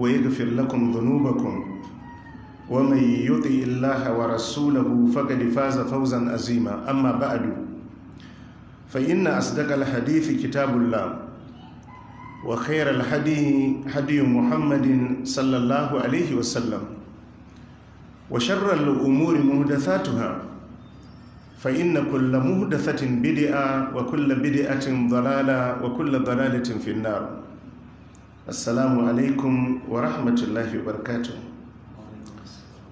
ويغفر لكم ذنوبكم ومن يطع الله ورسوله فقد فاز فوزا عظيما اما بعد فان اصدق الحديث كتاب الله وخير الهدي هدي محمد صلى الله عليه وسلم وشر الامور محدثاتها فان كل محدثه بدعه وكل بدعه ضلاله وكل ضلاله في النار assalamu alaikum wa rahmatullahi wa barkatu.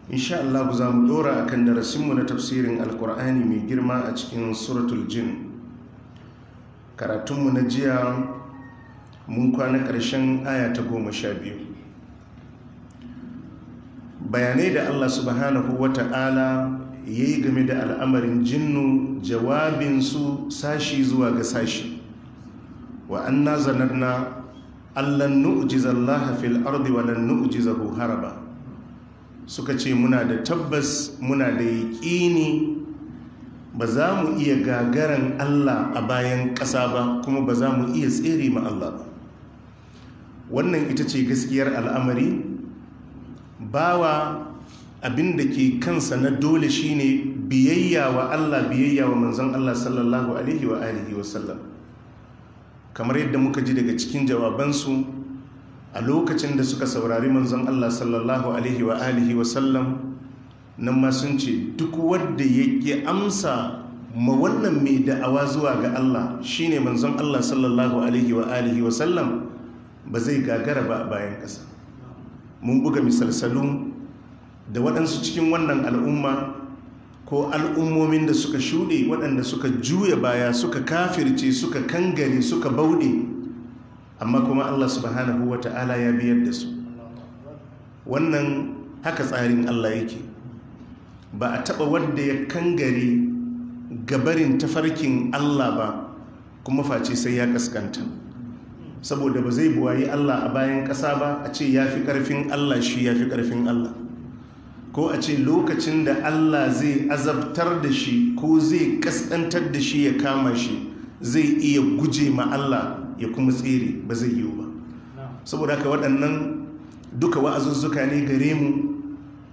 insha Allah za mu dora kan darasinmu na tafsirin alkur'ani mai girma a cikin suratul jin karatunmu na jiya mun kwana ƙarshen aya ta goma sha biyu bayanai da Allah subhanahu wa ta'ala ya yi game da al'amarin jinnu jawabinsu sashi zuwa ga sashi wa an na allan nu'jizallaha fil ardi wa lan nu'jizahu haraba suka ce muna da tabbas muna da yaƙini ba za mu iya gagaran Allah a bayan ƙasa ba kuma ba za mu iya tsere ma Allah ba wannan ita ce gaskiyar al'amari bawa abin da ke kansa na dole shine biyayya wa Allah biyayya wa manzon Allah sallallahu alaihi wa alihi wa sallam kamar yadda muka ji daga cikin jawabansu a lokacin da suka saurari manzon Allah sallallahu alaihi wa alihi wa sallam nan ma sun ce duk wanda yake amsa ma wannan mai da'awa zuwa ga Allah shine manzon Allah sallallahu alaihi wa alihi wa sallam ba zai gagara ba bayan ƙasa mun buga misalsalu da waɗansu cikin wannan al'umma ko al'ummomin da suka shuɗe waɗanda suka juya baya suka kafirce suka kangare suka bauɗe amma kuma allah subhanahu wa ta'ala ya biyar da su wannan haka tsarin allah yake ba a taɓa wadda ya kangare gabarin tafarkin allah ba kuma face sai ya kaskanta saboda ba zai buwayi allah a bayan ƙasa ba a ce ya fi ƙarfin allah shi ya fi ƙarfin allah ko a ce lokacin da Allah zai azabtar da shi ko zai kaskantar da shi ya kama shi zai iya guje ma Allah ya kuma tsere ba zai yiwu ba saboda haka waɗannan duka wa'azuzzuka ne gare mu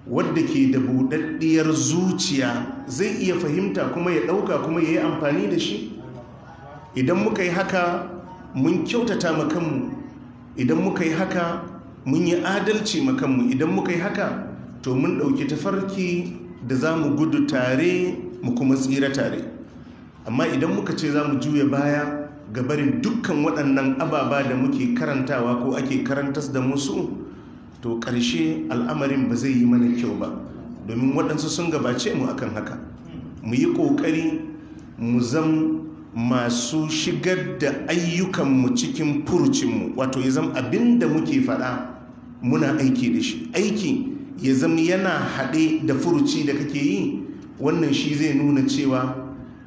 wadda ke da buɗaɗɗiyar zuciya zai iya fahimta kuma ya ɗauka kuma ya yi amfani da shi idan muka yi haka mun kyautata makanmu idan muka yi haka mun yi adalci makanmu idan muka yi haka to mun ɗauki tafarki da za mu gudu tare mu kuma tsira tare amma idan muka ce za mu juya baya ga barin dukkan waɗannan ababa da muke karantawa ko ake karantas da musu to ƙarshe al'amarin ba zai yi mana kyau ba domin waɗansu sun gabace mu akan haka mu yi ƙoƙari mu zam masu shigar da ayyukanmu cikin furucinmu wato ya zama abin da muke faɗa muna aiki da shi aiki ya zama yana haɗe da furuci da kake yi wannan shi zai nuna cewa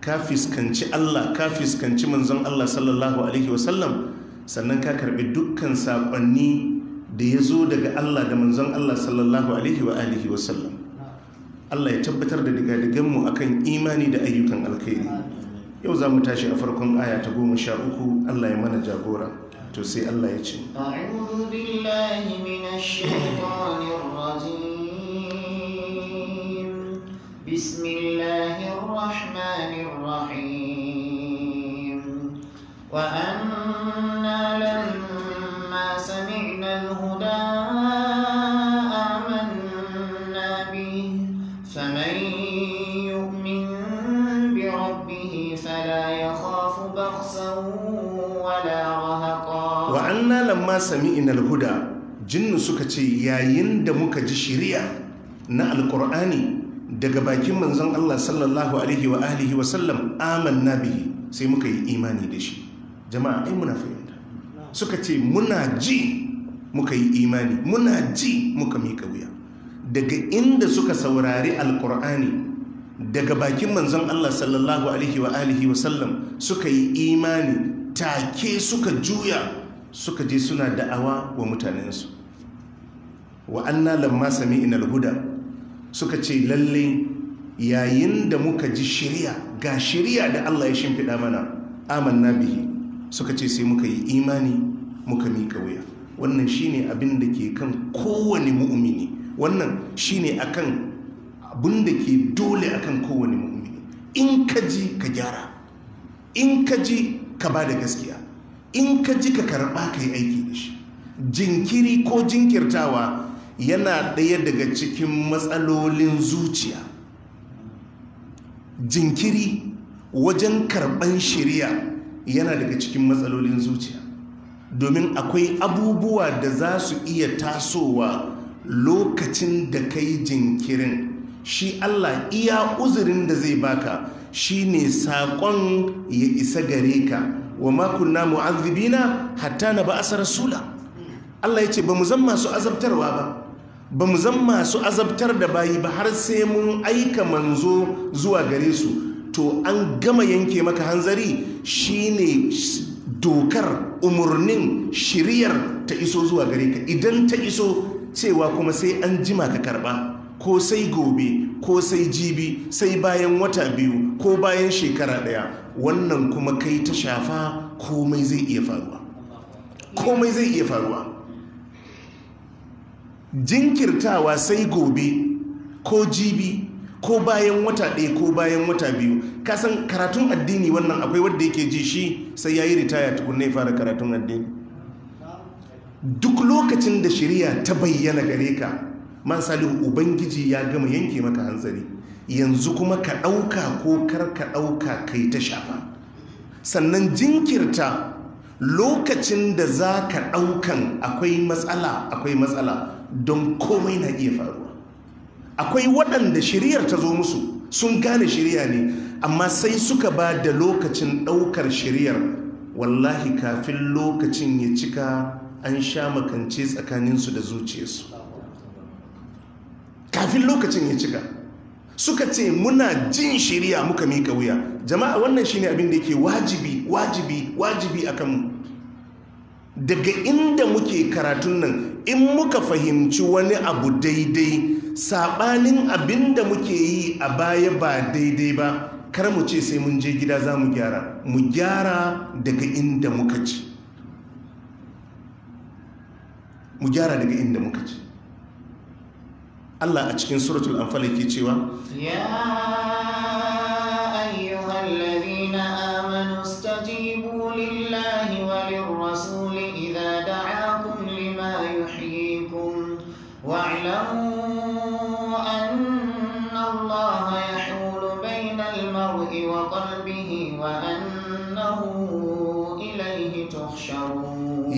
ka fiskanci Allah ka fiskanci manzon Allah sallallahu alaihi wasallam sannan ka karbi dukkan saƙonni da ya zo daga Allah da manzon Allah sallallahu alaihi wa wasallam Allah ya tabbatar da digadiganmu kan imani da ayyukan alkhairi yau za mu tashi a farkon aya ta goma sha uku Allah ya mana jagora to sai Allah ya ce a'udhu billahi minash shaitanir rajim bismillahir rahmanir rahim wa anna lamma sami'na al-huda sami inal huda jinnu suka ce yayin da muka ji shiriya na alkur'ani daga bakin manzon Allah sallallahu alaihi wa alihi wa sallam amanna bihi sai muka yi imani da shi jama'a ai muna fahimta suka ce muna ji muka yi imani muna ji muka mika wuya daga inda suka saurari alkur'ani daga bakin manzon Allah sallallahu alaihi wa alihi wa sallam suka yi imani take suka juya suka je suna da'awa wa mutanensu wa anna lamma sami'na alhuda, suka ce lalle yayin da muka ji shirya ga shirya da Allah ya shimfiɗa mana amanna bihi suka ce sai muka yi imani muka mika wuya wannan shine abin da ke kan kowane mu'mini wannan shine akan abin da ke dole akan kowane mu'mini in ka ji ka gyara in ka ji ka ba da gaskiya in ka ji ka karɓa ka yi aiki da shi jinkiri ko jinkirtawa yana ɗaya daga cikin matsalolin zuciya jinkiri wajen karɓan shirya yana daga cikin matsalolin zuciya domin akwai abubuwa da za su iya tasowa lokacin da ka yi jinkirin shi allah iya uzurin da zai baka shi ne saƙon ya isa gare ka wa makunna mu'adhibina hatta na ba'asa rasula Allah ya ce ba mu zan masu azabtarwa ba ba mu zan masu azabtar da bayi ba har sai mun aika manzo zuwa gare su to an gama yanke maka hanzari shine dokar umarnin shiriyar ta iso zuwa gare ka idan ta iso cewa kuma sai an jima ka karba ko sai gobe ko sai jibi sai bayan wata biyu ko bayan shekara daya wannan kuma kai ta shafa komai zai iya faruwa komai zai iya faruwa jinkirtawa sai gobe ko jibi ko bayan wata ɗaya ko bayan wata biyu kasan karatun addini wannan akwai wadda yake ji shi sai ya yi ritaya tukunna fara karatun addini duk lokacin da shirya ta bayyana gare ka man salihu ubangiji ya gama yanke maka hanzari yanzu kuma ka ɗauka ko kar ka ɗauka kai ta shafa sannan jinkirta lokacin da za ka ɗaukan akwai matsala akwai matsala don komai na iya faruwa akwai waɗanda shiriyar ta zo musu sun gane shiriya ne amma sai suka ba da lokacin ɗaukar shiriyar wallahi kafin lokacin ya cika an sha makance tsakaninsu da zuciyarsu kafin lokacin ya cika suka ce muna jin shirya muka mika wuya jama'a wannan shine abin da yake wajibi wajibi wajibi akan mu daga inda muke karatun nan in muka fahimci wani abu daidai saɓanin abin da muke yi a baya ba daidai ba kar mu ce sai mun je gida za mu gyara mu gyara daga inda muka ci mu gyara daga inda muka ci Allah a cikin suratul anfal yake cewa ya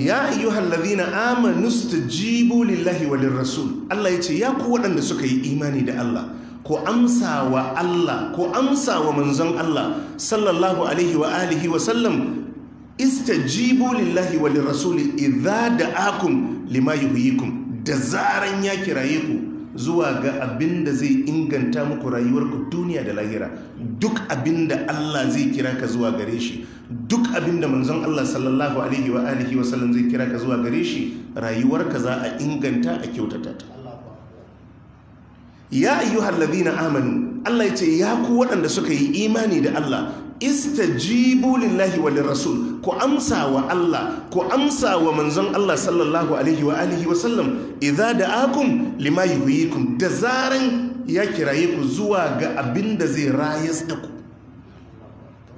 ya ayyuhal ladhina amanu stajibu lillahi walin rasul Allah yace ya ku waɗanda suka yi imani da Allah ku amsa wa Allah ku amsa wa manzon Allah sallallahu alaihi wa alihi wa sallam istajibu lillahi walin rasul idza da'akum lima yuhyikum da zaran ya kiraye ku zuwa ga abin da zai inganta muku rayuwarku duniya da lahira duk abin da Allah zai kira ka zuwa gare shi duk abin da manzon Allah sallallahu alaihi wa alihi wa sallam zai kira ka zuwa gare shi rayuwarka za a inganta a kyautata ta ya ayyuhal ladina amanu Allah ya ce ya ku waɗanda suka yi imani da Allah istajibu lillahi wa lirrasul ku amsa wa Allah ku amsa wa manzon Allah sallallahu alaihi wa alihi wa sallam idza da'akum lima yuhyikum da zaran ya kiraye ku zuwa ga abin da zai rayas da ku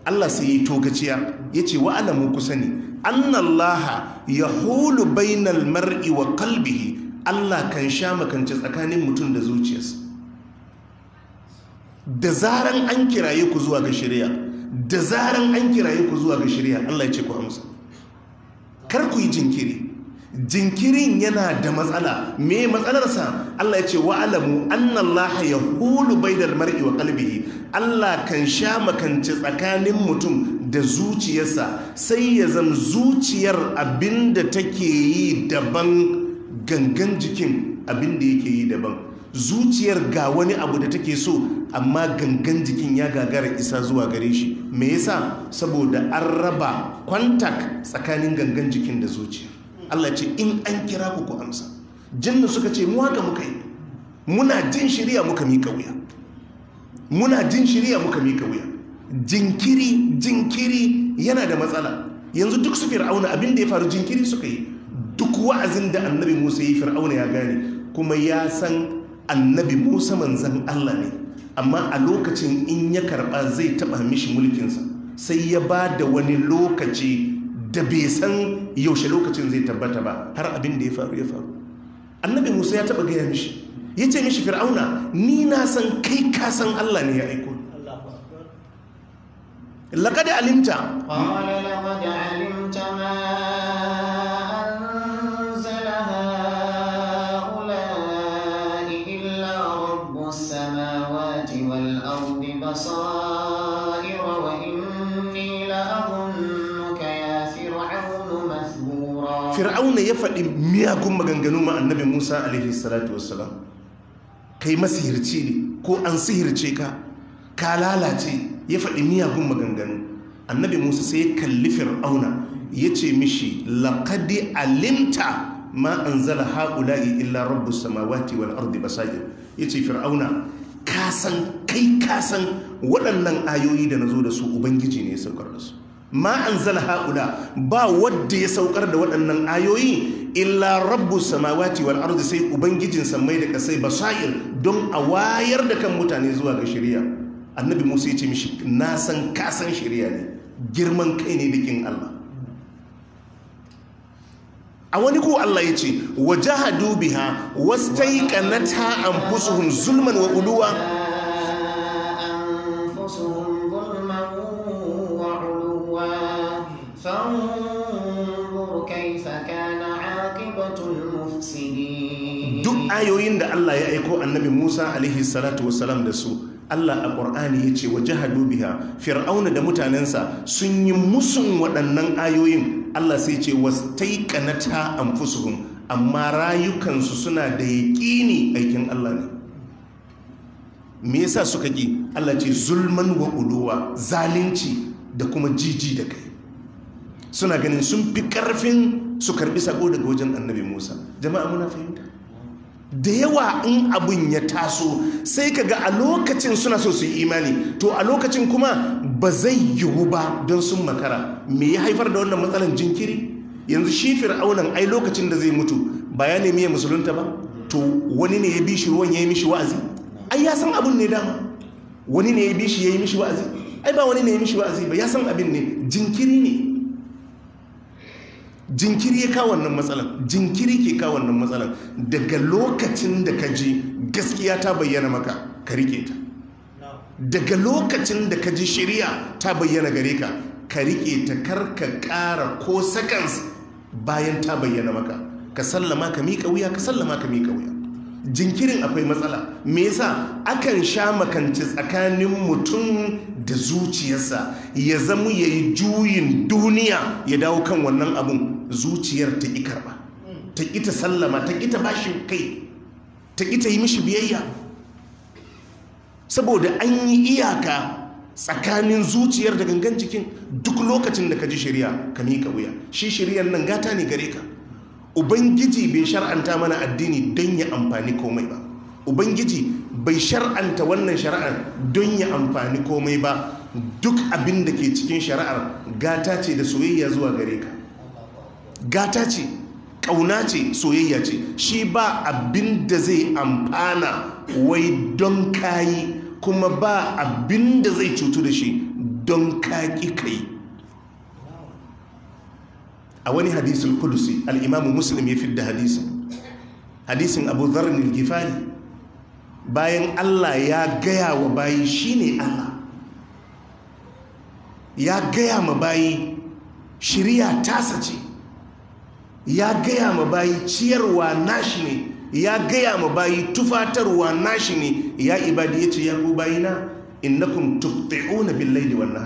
Allah sai yi togaciya yace wa alamu ku sani annallaha yahulu bainal mar'i wa qalbihi Allah kan sha makance tsakanin mutum da zuciyarsa da zaran an kiraye ku zuwa ga shari'a da zaren an kiraye ku zuwa ga shirya Allah ya ce ku amsa kar ku yi jinkiri jinkirin yana da matsala me matsalarsa Allah ya ce wa'alamu annallaha yahulu bai mar'i wa qalbihi Allah kan sha makance tsakanin mutum da zuciyarsa sai ya zan zuciyar abinda take yi daban gangan jikin abinda yake yi daban zuciyar ga wani abu da take so amma gangan jikin ya gagara isa zuwa gare shi me yasa saboda an raba kwantak tsakanin gangan jikin da zuciya Allah ce in an kira ku ku amsa jinnu suka ce mu haka muka yi muna jin shirya muka mika wuya muna jin shirya muka mika wuya jinkiri jinkiri yana da matsala yanzu duk su fir'auna abin da ya faru jinkiri suka yi duk wa'azin da annabi Musa ya yi fir'auna ya gane kuma ya san annabi musa manzan allah ne amma a lokacin in ya karba zai taba mishi mulkinsa sai ya ba da wani lokaci da bai san yaushe lokacin zai tabbata ba har abin da ya faru ya faru annabi musa ya taba gaya mishi ya ce mishi fir'auna ni na san kai ka san allah ne ya aiko laƙa da alimta ya faɗi miyagun maganganu ma annabi musa alaihi salatu kai masihirci ne ko an sihirce ka ka lalace ya faɗi miyagun maganganu annabi musa sai ya kalli fir'auna ya ce mishi laƙadi alimta ma an zala haƙula'i illa rabu samawati wal ardi basair ya ce fir'auna kasan kai kasan waɗannan ayoyi da na zo da su ubangiji ne ya saukar da su ma an zala haƙula, ba wadda ya saukar da waɗannan ayoyi illa rabbu samawati wal arzi sai ubangijin samai da kasai sha'ir don a wayar da kan mutane zuwa ga shirya annabi Musa ya ce mishi na san ka san ne girman kai ne bikin Allah a wani ko Allah ya ce wajahadu biha an fusuhun zulman wa uluwa ayoyin da Allah ya aiko annabi Musa alaihi salatu wasalam da su Allah a ƙur'ani ya ce wa jihadu biha fir'auna da mutanensa sun yi musun waɗannan ayoyin Allah sai ce wasu taiƙanata anfusuhum amma rayukansu suna da yaƙini aikin Allah ne me yasa suka ƙi Allah ce zulman wa uluwa zalunci da kuma jiji da kai suna ganin sun fi ƙarfin su karɓi sako daga wajen annabi Musa jama'a muna fahimta da yawa in abin ya taso sai ka ga a lokacin suna so su yi imani to a lokacin kuma ba zai yiwu ba don sun makara me ya haifar da wannan matsalan jinkiri yanzu shi fir'aunan ai lokacin da zai mutu ba ya nemi ya musulunta ba to wani ne ya bi shi ruwan ya yi mishi wa'azi ai ya san abin ne dama wani ne ya bi shi ya yi mishi wa'azi ai ba wani ne ya yi mishi wa'azi ba ya san abin ne jinkiri ne jinkiri ya kawo wannan matsalan jinkiri ke kawo wannan matsalan daga lokacin da ka ji gaskiya ta bayyana maka ka rike ta daga lokacin da ka ji shirya ta bayyana gare ka ka rike ta karka ƙara ko seconds bayan ta bayyana maka ka sallama ka miƙa wuya ka sallama ka miƙa wuya jinkirin akwai matsala me yasa akan sha makanci tsakanin mutum da zuciyarsa ya zamu yayi juyin duniya ya dawo kan wannan abun zuciyar ta ƙi karɓa ta ƙi ta sallama ta ƙi ta bashi kai ta ƙi ta yi mishi biyayya saboda an yi iyaka tsakanin zuciyar da gangan jikin duk lokacin da ka ji shirya ka mika wuya shi shiryar nan gata ne gare ka ubangiji bai shar'anta mana addini don ya amfani komai ba ubangiji bai shar'anta wannan shari'ar don ya amfani komai ba duk abin da ke cikin shari'ar gata ce da soyayya zuwa gare ka gata ce ƙauna ce soyayya ce shi ba abin da zai amfana wai don kayi kuma ba abin da zai cutu da shi don kaƙi kai a wani hadisun kudusi al'imamu musulmi ya fidda hadisun hadisin abu zarnil gifari bayan allah ya gaya wa bayi shi ne allah ya gaya ma bayi shirya tasa ce ya gaya ma bayi ciyarwa nashi ne ya gaya ma bayi tufatarwa nashi ne ya ibadi ya ce ya ku bayina innakum na billaili wan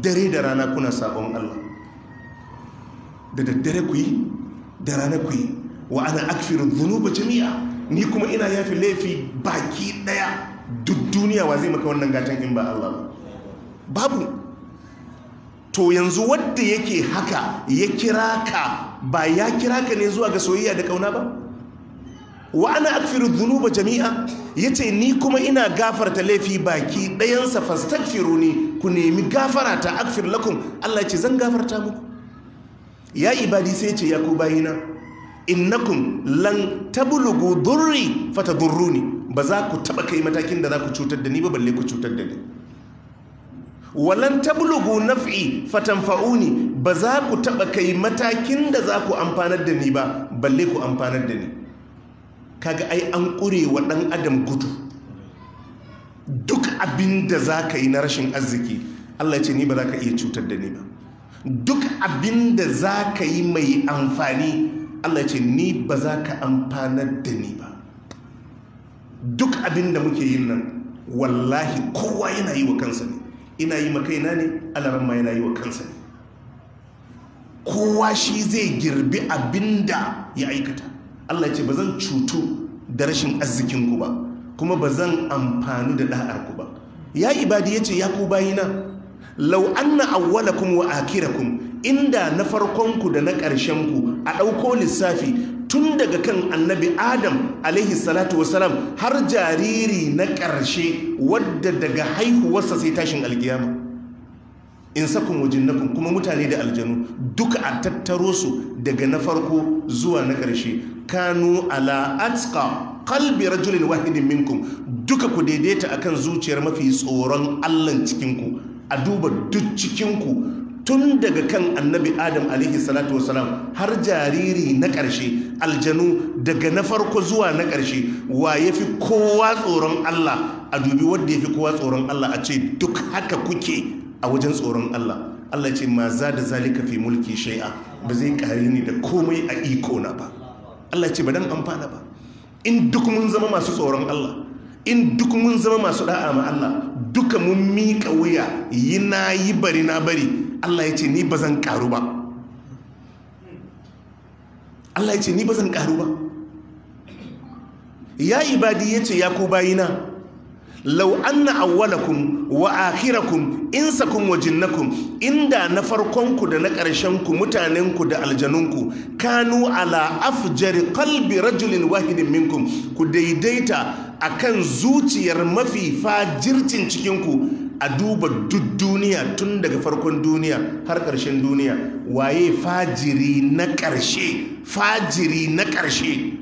dare da rana kuna sabon Allah da daddare ku yi da rana ku yi wa ana akfiru zunubu jami'a ni kuma ina yafi laifi baki daya duk duniya wa zai maka wannan gatan in ba Allah babu to yanzu wanda yake haka ya kira ka ba ya kira ka ne zuwa ga soyayya da kauna ba wa ana akfiru dhunuba jami'a yace ni kuma ina gafarta laifi baki ɗayansa ni ku nemi gafara ta akfir lakum Allah ce zan gafarta muku ya ibadi sai yace ya ku bayina innakum lan tablughu durri fatadurruni ba za ku taba kai matakin da za ku cutar da ni ba balle ku cutar da ni walan tablugu naf'i fatanfa'uni ba za ku taba kai matakin da za ku amfanar da ni ba balle ku amfanar da ni kaga ai an kure wa dan adam gudu duk abin da za ka yi na rashin arziki Allah ce ni ba za ka iya cutar da ni ba duk abin da za ka yi mai amfani Allah ce ni ba za ka amfanar da ni ba duk abin da muke yin nan wallahi kowa yana yi wa kansa ne ina yi ma kaina ne alaran ma yana yi wa kansa ne kowa shi zai girbi abinda ya aikata Allah ce ba zan cutu da rashin arzikin ku ba kuma ba zan amfani da da'ar ku ba ya ibadi yace ya ku bayina an na awwalakum wa akhirakum inda na farkonku da na ƙarshen a ɗauko lissafi tun daga kan annabi adam alaihi salatu wasalam har jariri na ƙarshe wadda daga haihuwarsa sai tashin alkiyama in sakun wajinnakun kuma mutane da aljanu duka a tattaro su daga na farko zuwa na ƙarshe kanu ala atska kalbi rajulin wahidin minkum duka ku daidaita akan zuciyar mafi tsoron allan cikinku a duba duk cikinku tun daga kan annabi adam alaihi salatu wasalam har jariri na ƙarshe aljanu daga na farko zuwa na ƙarshe wa ya fi kowa tsoron allah a dubi wadda ya fi kowa tsoron allah a ce duk haka kuke a wajen tsoron allah allah ce ma za da zalika fi mulki shai'a ba zai ƙari ni da komai a iko na ba allah ce ba dan amfana ba in duk mun zama masu tsoron allah in duk mun zama masu da'a ma allah duka mun miƙa wuya yi na yi bari na bari Allah ya ce ni ba zan karu ba Allah ya ce ni ba zan karu ba ya ibadi ya ce ya ku bayina an na awwalakun wa akhirakum insakun wa jinnakun inda na farkonku da na ƙarshen mutanenku da aljanunku, kanu ala afjari kalbi rajulin wahidin minkum ku daidaita a kan zuciyar mafi fajircin cikinku a duba duk duniya tun daga farkon duniya har ƙarshen duniya waye fajiri na ƙarshe fajiri na ƙarshe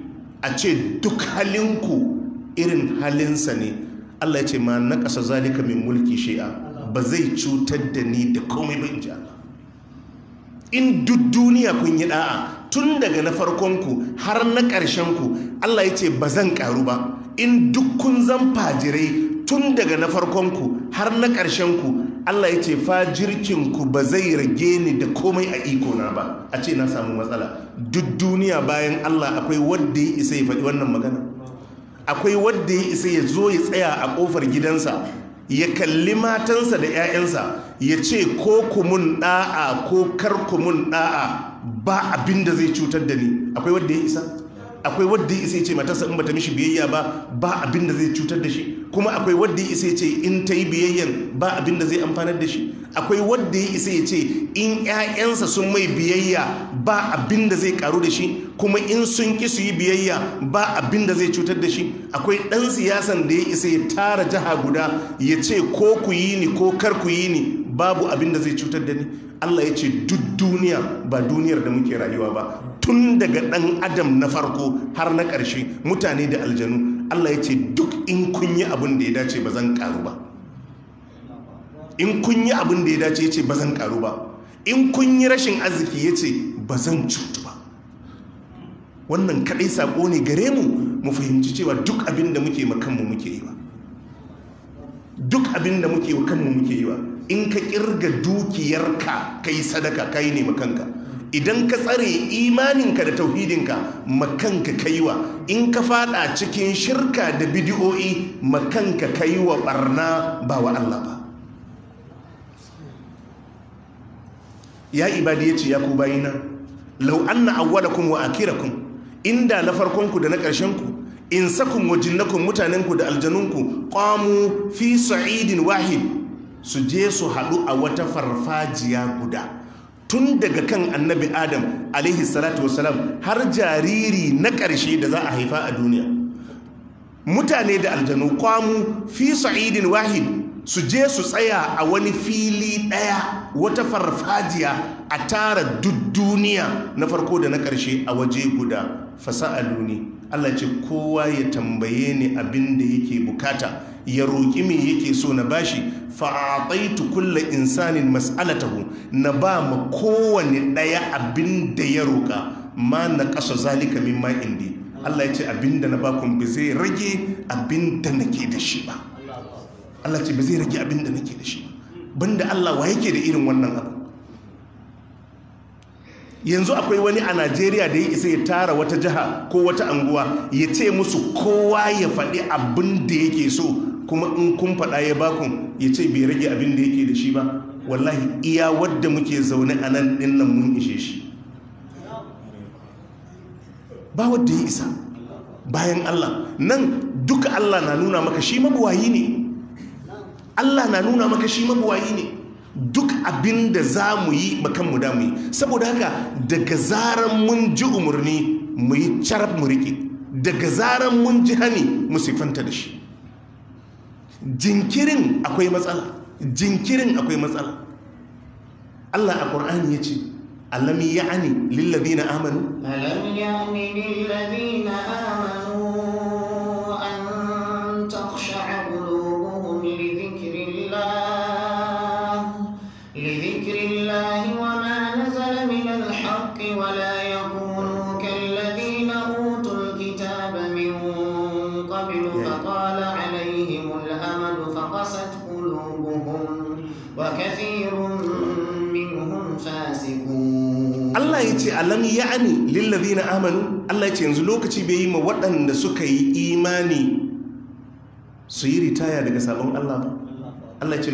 a ce duk halinku irin halinsa ne Allah ya ce ma na ƙasa zalika min mulki shi'a ba zai cutar da ni da komai ba in ji Allah in duk duniya kun yi da'a tun daga na farkonku har na ƙarshenku Allah ya ce ba zan ƙaru ba in duk kun zan fajirai tun daga na farkonku har na ƙarshenku Allah ya ce fajirkinku ba zai rage ni da komai a ikona ba a ce na samu matsala duk duniya bayan Allah akwai wanda ya isa ya faɗi wannan magana akwai wadda ya isa ya zo ya tsaya a kofar gidansa ya kalli matansa da 'ya'yansa ya ce ko kumun ɗa'a ko kar kumun ɗa'a ba abin da zai cutar da ni akwai wadda ya isa akwai wadda ya isa ya ce matarsa in bata mishi biyayya ba ba abin da zai cutar da shi kuma akwai wadda ya isa ya ce in ta yi biyayyan ba abin da zai amfanar da shi akwai wadda ya isa ya ce in 'ya'yansa sun mai biyayya ba abin da zai karu da shi kuma in sun ki su yi biyayya ba abin da zai cutar da shi akwai ɗan siyasan da ya isa ya tara jiha guda ya ce ko ku yi ni ko kar ku yi ni babu abin da zai cutar da ni Allah ya ce duk duniya ba duniyar da muke rayuwa ba tun daga ɗan adam na farko har na ƙarshe mutane da aljanu Allah ya ce duk in kun yi abin da ya dace ba zan karu ba in kun yi abin da ya dace ya ce ba zan karu ba in kun yi rashin arziki ya ce ba zan cutu ba wannan kaɗai saƙo ne gare mu mu fahimci cewa duk abin da muke kanmu muke yi ba duk abin da muke kanmu muke yi ba in ka ƙirga dukiyarka kai sadaka kai ne makanka idan ka tsare imaninka da tauhidinka makanka kaiwa in ka fada cikin shirka da bidiyo'i makanka kaiwa barna ba wa Allah ba ya ibadi ya ce ya ku bayina lau anna awwalakum wa akirakum inda na farkonku da na ƙarshenku in sakun kun mutanenku da aljanunku ƙwamu fi sa'idin wahid su je su haɗu a wata farfajiya guda tun daga kan annabi adam alaihi salatu wasalam har jariri na ƙarshe da za a haifa a duniya mutane da aljanu kwamu fi sa'idin wahid su je su tsaya a wani fili ɗaya wata farfajiya a tara duk duniya na farko da na ƙarshe a waje guda fasa'aluni Allah ce kowa ya tambaye ni abinda da yake bukata ya roƙi me yake so na bashi fa'ataitu kulla insanin mas'alatahu na ba mu kowane ɗaya abin da ya roƙa ma na ƙasa zalika min ma indi Allah ya ce abin da na bakun ba zai rage abin da nake da shi ba Allah ce ba zai rage abin da nake da shi ba banda Allah wa yake da irin wannan abu yanzu akwai wani a najeriya da ya isa ya tara wata jiha ko wata anguwa ya ce musu kowa ya faɗi abin da yake so kuma in kun faɗa ya bakun ya ce bai rage abin da yake da shi ba wallahi iya wadda muke zaune a nan ɗin nan mun ishe shi ba wadda ya isa bayan Allah nan duka Allah na nuna maka shi mabuwayi ne Allah na nuna maka shi mabuwayi ne duk abin da za mu yi makanmu da mu yi saboda haka daga zaran mun ji umarni mu yi carab mu rike daga zaran mun ji hani mu siffanta da shi jinkirin akwai matsala jinkirin akwai matsala Allah a ƙur'ani ya ce alam ya'ani lillazina amanu alam ya'ani lillazina amanu قست قلوبهم وكثير منهم فاسقون الله يتي ألم يعني للذين آمنوا Allah ce yanzu lokaci bai yi ma waɗanda suka yi imani su yi ritaya daga sabon Allah ba Allah ce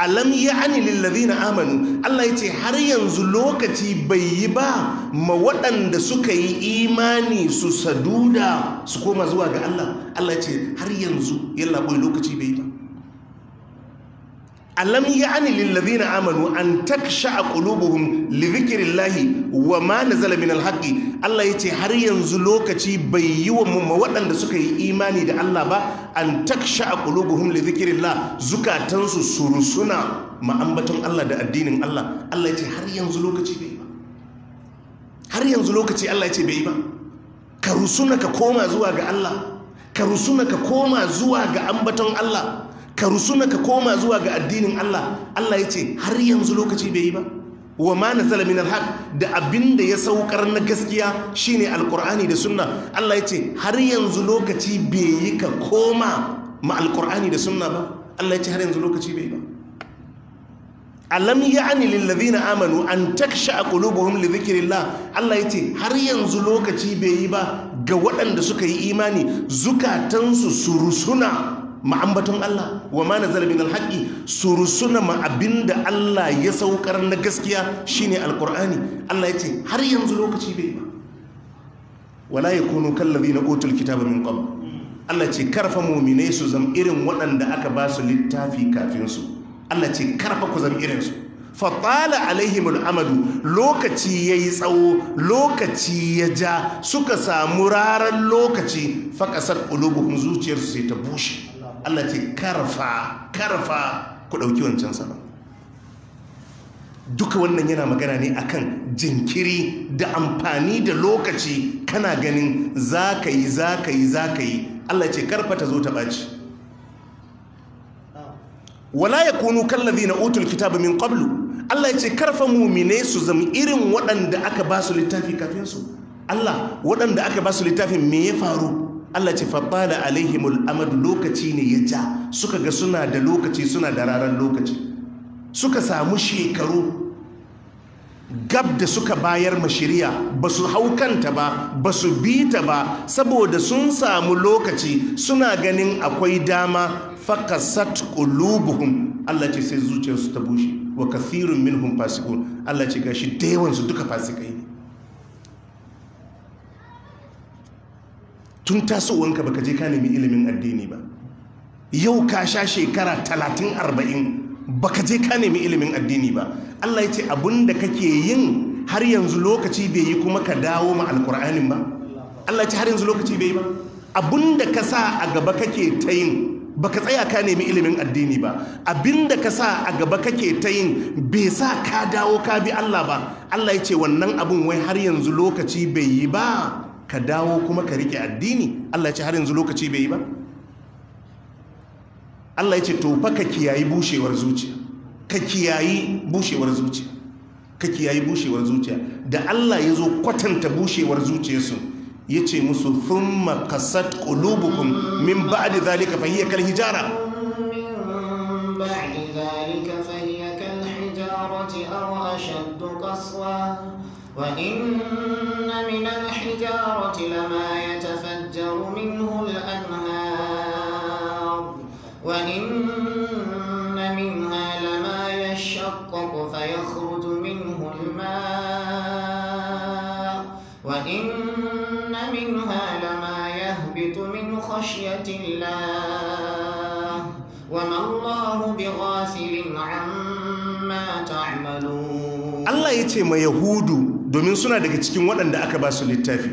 alam lillazi na amanu Allah yace har yanzu lokaci bai yi ba ma waɗanda suka yi imani su saduda su koma zuwa ga Allah Allah yace har yanzu yalla lokaci bai yi alam yi ya'ni lil na amanu an a kulubuhun li lahi wa ma nazala min alhaki Allah ya ce har yanzu lokaci bai yi wa mummu waɗanda suka yi imani da Allah ba an taksha'a qulubuhum li dhikrillah zukatan su surusuna ma'ambatan Allah da addinin Allah Allah ya ce har yanzu lokaci bai ba har yanzu lokaci Allah ya ce bai ba ka rusuna ka koma zuwa ga Allah ka rusuna ka koma zuwa ga ambaton Allah ka rusuna ka koma zuwa ga addinin Allah Allah ya ce har yanzu lokaci bai yi ba wa ma na zalamin alhaq da abinda ya saukar na gaskiya shine alqur'ani da sunna Allah ya ce har yanzu lokaci bai yi ka koma ma alqur'ani da sunna ba Allah ya ce har yanzu lokaci bai yi ba alam ya'ni lil ladina amanu an taksha qulubuhum li dhikrillah Allah ya ce har yanzu lokaci bai yi ba ga waɗanda suka yi imani zukatansu su rusuna ma'ambaton Allah wa ma nazala surusuna ma abinda Allah ya saukar na gaskiya shine alqur'ani Allah ya ce har yanzu lokaci bai ba wala kallabi na otul kitaba min qabl Allah ce karfa mu'minai su zam irin waɗanda aka ba su littafi kafin su Allah ce karfa ku zam irin su alaihimul amadu lokaci ya yi tsawo lokaci ya ja suka samu rarar lokaci fa faƙasar ƙulubuhun zuciyarsu sai ta bushe Allah ce karfa karfa ku ɗauki wancan salon duka wannan yana magana ne akan jinkiri da amfani da lokaci kana ganin za ka yi za ka yi za ka yi Allah ce karfa ta zo ta ɓaci wala ya kunu kallabi na otul kitabu min qablu Allah ya ce karfa mumine su zama irin waɗanda aka ba su littafi kafin su Allah waɗanda aka ba su littafin me ya faru Allah ce da alaihimul amadu lokaci ne ya ja suka ga suna da lokaci suna da raran lokaci suka samu shekaru gab da suka bayar mashiriya ba su haukanta ba ba su bi ta ba saboda sun samu lokaci suna ganin akwai dama fakasat qulubuhum Allah ce sai zuciyarsu ta bushe wa kathirun minhum fasikun Allah ce gashi da yawansu duka fasikai ne tun tasowanka baka je ka nemi ilimin addini ba yau ka sha shekara talatin arba'in baka je ka nemi ilimin addini ba Allah ya ce abin da kake yin har yanzu lokaci bai yi kuma ka dawo ma alkur'anin ba Allah ya ce har yanzu lokaci bai yi ba abin da ka sa a gaba kake ta yin baka tsaya ka nemi ilimin addini ba abin da ka sa a gaba kake ta yin bai sa ka dawo ka bi Allah ba Allah ya ce wannan abin wai har yanzu lokaci bai yi ba ka dawo kuma ka rike addini Allah ya ce har yanzu lokaci bai yi ba Allah ya ce to fa ka kiyayi bushewar zuciya ka kiyayi bushewar zuciya ka kiyayi bushewar zuciya da Allah ya zo kwatanta bushewar zuciyarsu ya ce musu thumma qasat qulubukum min ba'di zalika fa hiya kal hijara وإن من الحجارة لما يتفجر منه الأنهار وإن منها لما يشقق فيخرج منه الماء وإن منها لما يهبط من خشية الله وما الله بغافل عما تعملون الله يتم يهود domin suna daga cikin waɗanda aka ba su littafi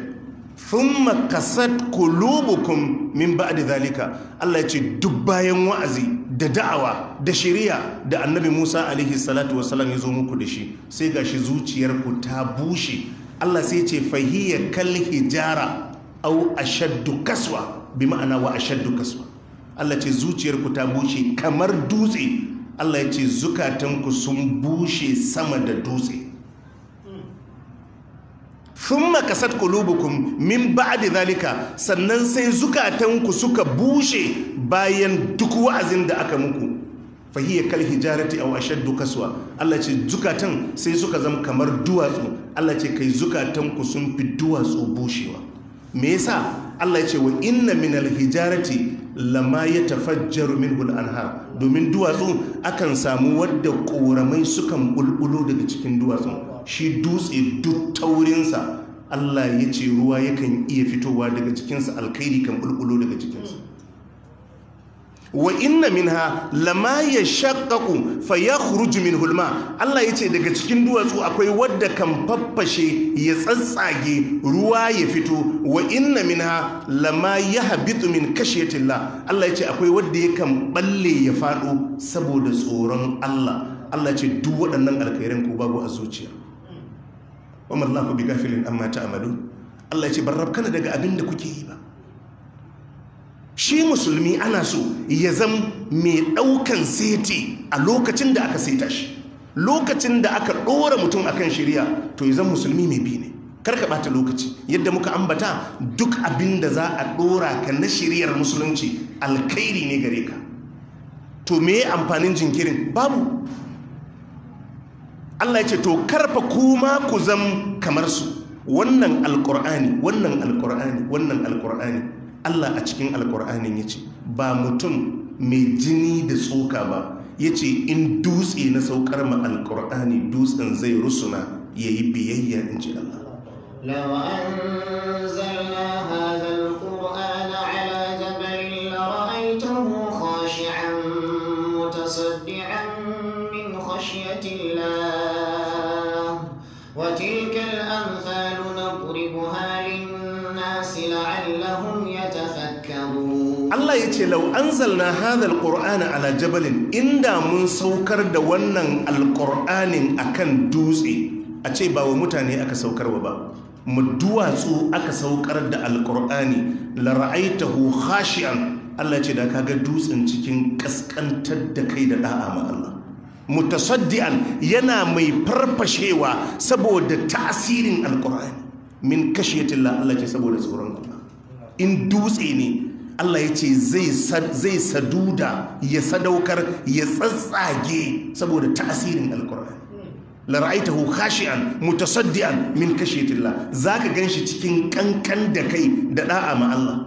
fun makasar kulubukun min ba da zalika Allah ya ce duk bayan wa'azi da da'awa da shiriya da annabi Musa alaihi salatu salam ya zo muku da shi sai ga gashi zuciyarku ta bushe Allah sai ce fahiya kal hijara au ashaddu kaswa bi ma'ana wa ashaddu kaswa Allah ce zuciyarku ta bushe kamar dutse Allah ya ce zukatanku sun bushe sama da dutse thumma kasat qulubukum min ba'di zalika sannan sai zukatanku suka bushe bayan duk wa'azin da aka muku fahiyya kal hijarati aw ashaddu kaswa Allah ce zukatan sai suka zama kamar duwatsu Allah ce kai zukatan sun fi duwatsu bushewa me yasa Allah ce wa inna minal hijarati lama yatafajjaru min al har, domin duwatsu akan samu wadda ƙoramai sukan bulbulo daga cikin duwatsun shi dutse duk taurinsa Allah ya ce ruwa yakan iya fitowa daga cikinsa alkhairi kan bulbulo daga cikinsa wa inna minha lama ya shaƙaƙu fa huruji min hulma Allah ya ce daga cikin duwatsu akwai wadda kan faffashe ya tsatsage ruwa ya fito wa inna minha lama ya habitu min tilla. Allah ya ce akwai wadda yakan balle ya fado saboda tsoron Allah Allah ce duk waɗannan alkhairan ko babu a zuciya wamar mallahu bi gafilin amma ta'malun Allah ce ban kana daga abin da kuke yi ba shi musulmi ana so ya zan mai daukan seti a lokacin da aka seta shi lokacin da aka ɗora mutum akan shirya to ya zan musulmi mai bi ne Kar ka bata lokaci yadda muka ambata duk abin da za a ɗora ka na shiryar musulunci alkhairi ne gare ka to me amfanin jinkirin babu Allah ya ce to karfa kuma ku zam kamar su wannan alkur'ani wannan alkur'ani wannan alkur'ani Allah a cikin alkur'anin ya ce ba mutum mai jini da tsoka ba ya ce in dutse na saukar ma alkur'ani dutsen zai rusuna ya yi biyayya in ji Allah Ila'allahu ya taƙaske mu. Allah ya ce Lau'anzal na hadal Kur'ani al inda mun saukar da wannan Al-Ƙur'anin a kan dutse, a ce ba wa mutane aka saukar wa ba mu duwatsu aka saukar da Al-Ƙur'ani la'aitahu hashe'an. Allah ce da ka ga dutsen cikin kaskantar da kai da daga Ahmad Allah. Mutasaddi'an yana mai farfashewa saboda ta'asirin alƙur'ani min kashiyatin tilla Allah ce saboda tsoron Allah in dutse ne Allah ya ce zai saduda ya sadaukar ya tsatsage saboda tasirin alkur'ani hu kashi'an mutasaddian min ka gan shi cikin kankan da kai da da'a ma Allah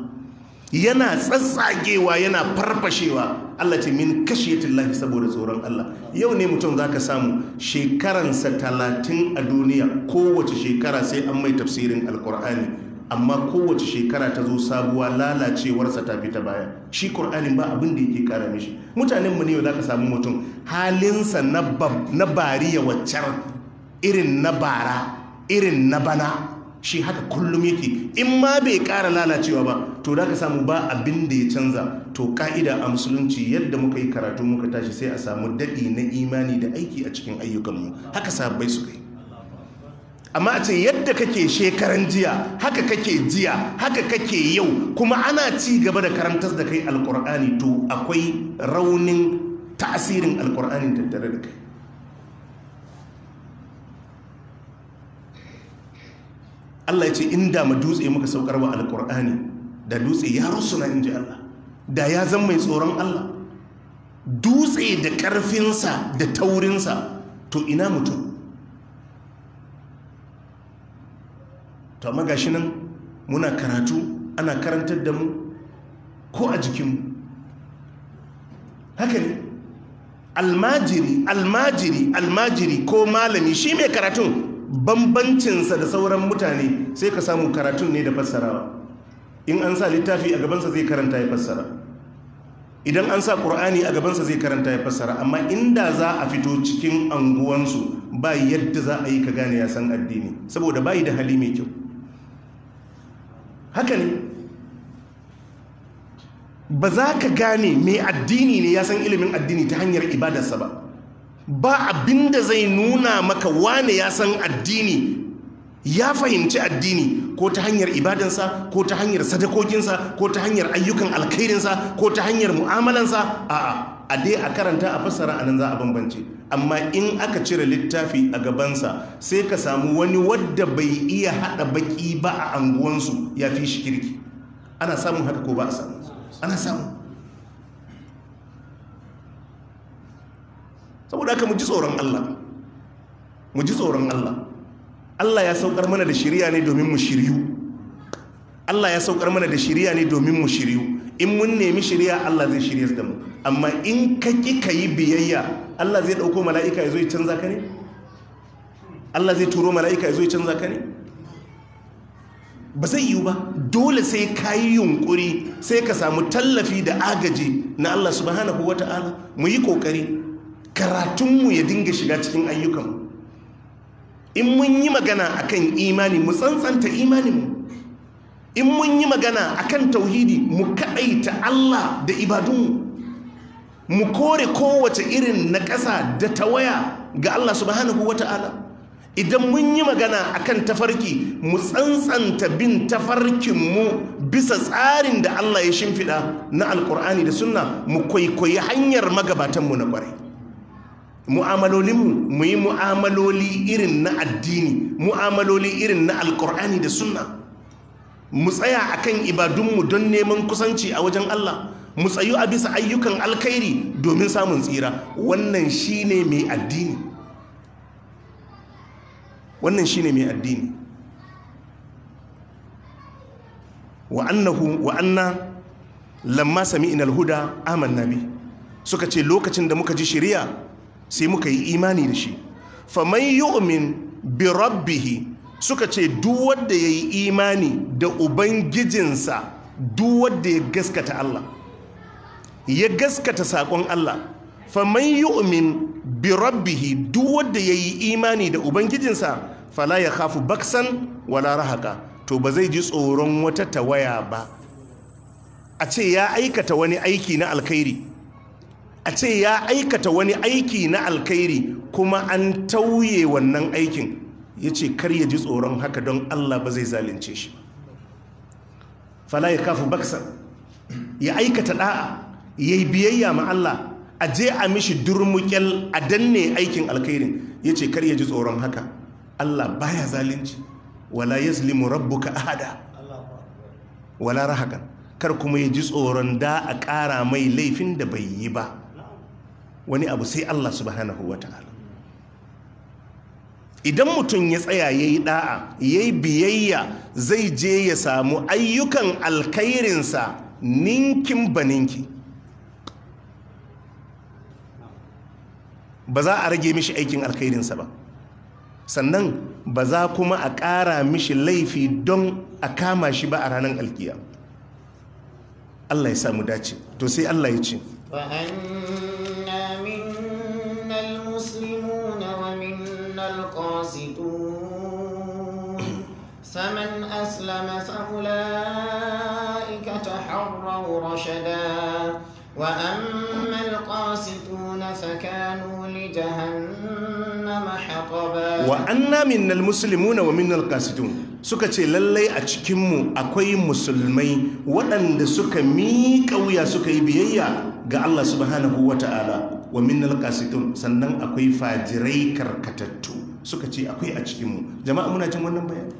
yana tsatsagewa yana farfashewa Allah ce min kashiyatillahi saboda tsoron Allah yau ne mutum zaka samu shekaransa talatin a duniya kowace shekara sai an mai tafsirin alkur'ani amma kowace shekara ta zo sabuwa lalacewarsa ta fi ta baya shi ƙur'anin ba abin da yake kara mishi mutanen mu ne yau zaka samu mutum halinsa na bariya waccar irin na bara irin na bana shi haka kullum yake in ma bai ƙara lalacewa ba to da ka samu ba abin da ya canza to ka'ida a musulunci yadda muka yi karatu muka tashi sai a samu daɗi na imani da aiki a cikin ayyukanmu haka sabbai su kai amma a ce yadda kake shekaran jiya haka kake jiya haka kake yau kuma ana ci gaba da karantar da kai alkur'ani to akwai raunin tasirin alkur'ani tattare da kai Allah ya ce inda ma dutse muka saukar wa alkur'ani da dutse ya rusuna inji Allah da ya zan mai tsoron Allah dutse da ƙarfinsa da taurinsa to ina mutum to amma gashi nan muna karatu ana karantar da mu ko a jikinmu haka ne almajiri almajiri almajiri ko malami shi mai karatun bambancinsa da sauran mutane sai ka samu karatun ne da fassarawa in an sa littafi a gabansa zai karanta ya fassara idan an sa ƙur'ani a gabansa zai karanta ya fassara amma inda za a fito cikin anguwansu ba yadda za a yi ka gane ya san addini saboda yi da hali mai kyau haka ne ba za ka gane mai addini ne ya san ilimin addini ta hanyar ibadarsa ba ba abinda zai nuna maka wane ya san addini ya fahimci addini ko ta hanyar ibadansa ko ta hanyar sadakokinsa ko ta hanyar ayyukan alkhairinsa ko ta hanyar mu'amalansa a'a a dai a karanta a fassara anan za a bambance amma in aka cire littafi a gabansa sai ka samu wani wadda bai iya haɗa baki ba a anguwansu ya fi shi kirki ana samun haka ko ba a samu ana samu saboda aka mu ji tsoron Allah mu ji tsoron Allah Allah ya saukar mana da shiriya ne domin mu shiryu Allah ya saukar mana da shiriya ne domin mu shiryu in mun nemi shiriya Allah zai shirye da mu amma in ka ki ka yi biyayya Allah zai dauko mala'ika ya zo ya canza ka ne Allah zai turo mala'ika ya zo ya canza ka ne ba zai yiwu ba dole sai ka yi yunkuri sai ka samu tallafi da agaji na Allah subhanahu wata'ala mu yi kokari karatunmu ya dinga shiga cikin ayyukanmu in mun yi magana akan imani mu tsantsanta imaninmu in mun yi magana akan tauhidi mu kaɗaita Allah da ibadunmu mu kore kowace irin na ƙasa da tawaya ga Allah subhanahu wata'ala idan mun yi magana akan tafarki mu tsantsanta bin tafarkinmu bisa tsarin da Allah ya shimfiɗa na alkur'ani da sunna mu kwaikwayi hanyar magabatanmu na ƙwarai mu'amalolinmu mu yi mu'amaloli irin na addini mu'amaloli irin na alkur'ani da sunna mu tsaya a kan ibadunmu don neman kusanci a wajen Allah mu tsayu a bisa ayyukan alkhairi domin samun tsira wannan ne mai addini wannan ne mai addini wa lamma wa anna lamma sami'na alhuda suka ce lokacin da muka ji shari'a sai muka yi imani da shi faman yu'min bi rabbihi suka ce duk wanda yayi imani da ubangijinsa duk wanda ya gaskata Allah ya gaskata sakon Allah faman yu'min bi rabbihi duk wanda yayi imani da ubangijinsa fala ya khafu baksan wala rahaka to ba zai ji tsoron wata tawaya ba a ce ya aikata wani aiki na alkhairi a ce ya aikata wani aiki na alkhairi kuma an tauye wannan aikin ya ce kar ya ji tsoron haka don allah ba zai zalince shi fala ya kafa baksa ya aikata da'a ya yi biyayya ma allah a je a mishi durmukyal a danne aikin alkhairin ya ce kar ya ji tsoron haka allah baya zalunci wala ya rabu ka ahada wala rahakan kar kuma ya ji tsoron da a ƙara mai laifin da bai yi ba wani abu sai Allah subhanahu wa ta'ala idan mutum ya tsaya ya yi da'a ya yi biyayya zai je ya samu ayyukan alkhairinsa ninkin baninki ba za a rage mishi aikin alkhairinsa ba sannan ba za kuma a ƙara mishi laifi don a kama shi ba a ranar alkiya Allah ya samu dace to sai Allah ya ce فأنا منا المسلمون ومنا القاسطون فمن أسلم فأولئك تحروا رشدا وأما القاسطون فكانوا لجهنم حطبا وأنا منا المسلمون ومنا القاسطون suka ce lallai a mu akwai musulmai waɗanda suka mika wuya suka yi biyayya ga Allah subhanahu wa ta'ala wa minnal qasitun sannan akwai fajirai karkatattu suka ce akwai a cikin mu jama'a muna jin wannan bayani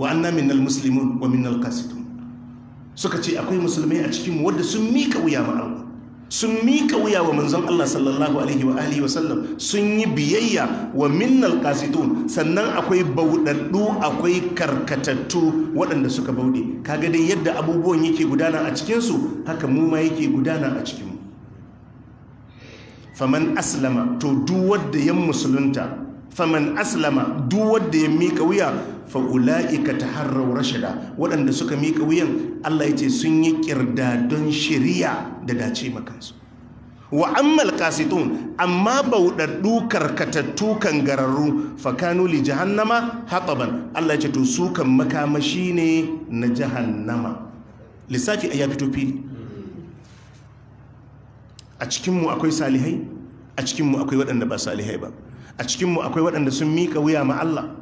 wa anna minnal muslimun wa minnal qasitun suka ce akwai musulmai a cikin mu wanda sun mika wuya ma sun mika wuya wa manzon Allah sallallahu alaihi wa alihi wa sallam sun yi biyayya wa minnal qasitun sannan akwai baudaddu akwai karkatattu waɗanda suka baude kaga dai yadda abubuwan yake gudana a cikin su haka mu ma yake gudana a cikin mu faman aslama to duk wanda ya musulunta faman aslama duk wanda ya mika wuya fa ula'ika taharraw rashida waɗanda suka miƙa wuyan Allah yace sun yi ƙirda don shiriya da dace makansu wa ammal qasitun amma bauɗaɗɗu karkatattu kangararru fa kanu li jahannama hataban Allah yace to su kan makamashi ne na jahannama lissafi ya fito fili a cikinmu akwai salihai a cikinmu akwai waɗanda ba salihai ba a cikinmu akwai waɗanda sun miƙa wuya ma Allah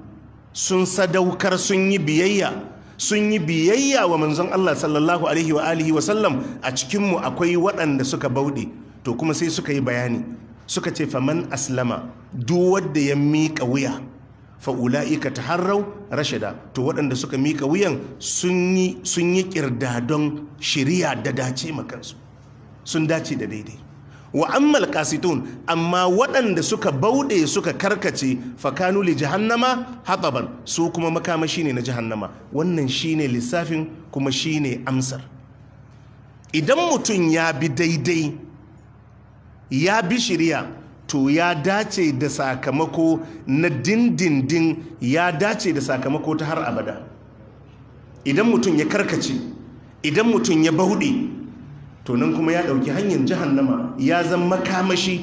sun sadaukar sun yi biyayya sun yi biyayya wa manzon Allah sallallahu alaihi wa alihi wa sallam a cikin mu akwai waɗanda suka bauɗe to kuma sai suka yi bayani suka ce faman aslama duk wanda ya miƙa wuya fa ulaika taharraw rashada to waɗanda suka miƙa wuyan sun yi sun yi kirdadon shari'a da dace makansu sun dace da daidai wa ammal qasitun amma waɗanda suka bauɗe suka karkace fakanu li jahannama hataban su kuma makamashi ne na jahannama wannan shine lissafin kuma shine amsar idan mutum ya bi daidai ya bi shirya to ya dace da sakamako na dindindin ya dace da sakamako ta har abada idan mutum ya karkace idan mutum ya bauɗe to nan kuma ya dauki hanyar jahannama ya zama makamashi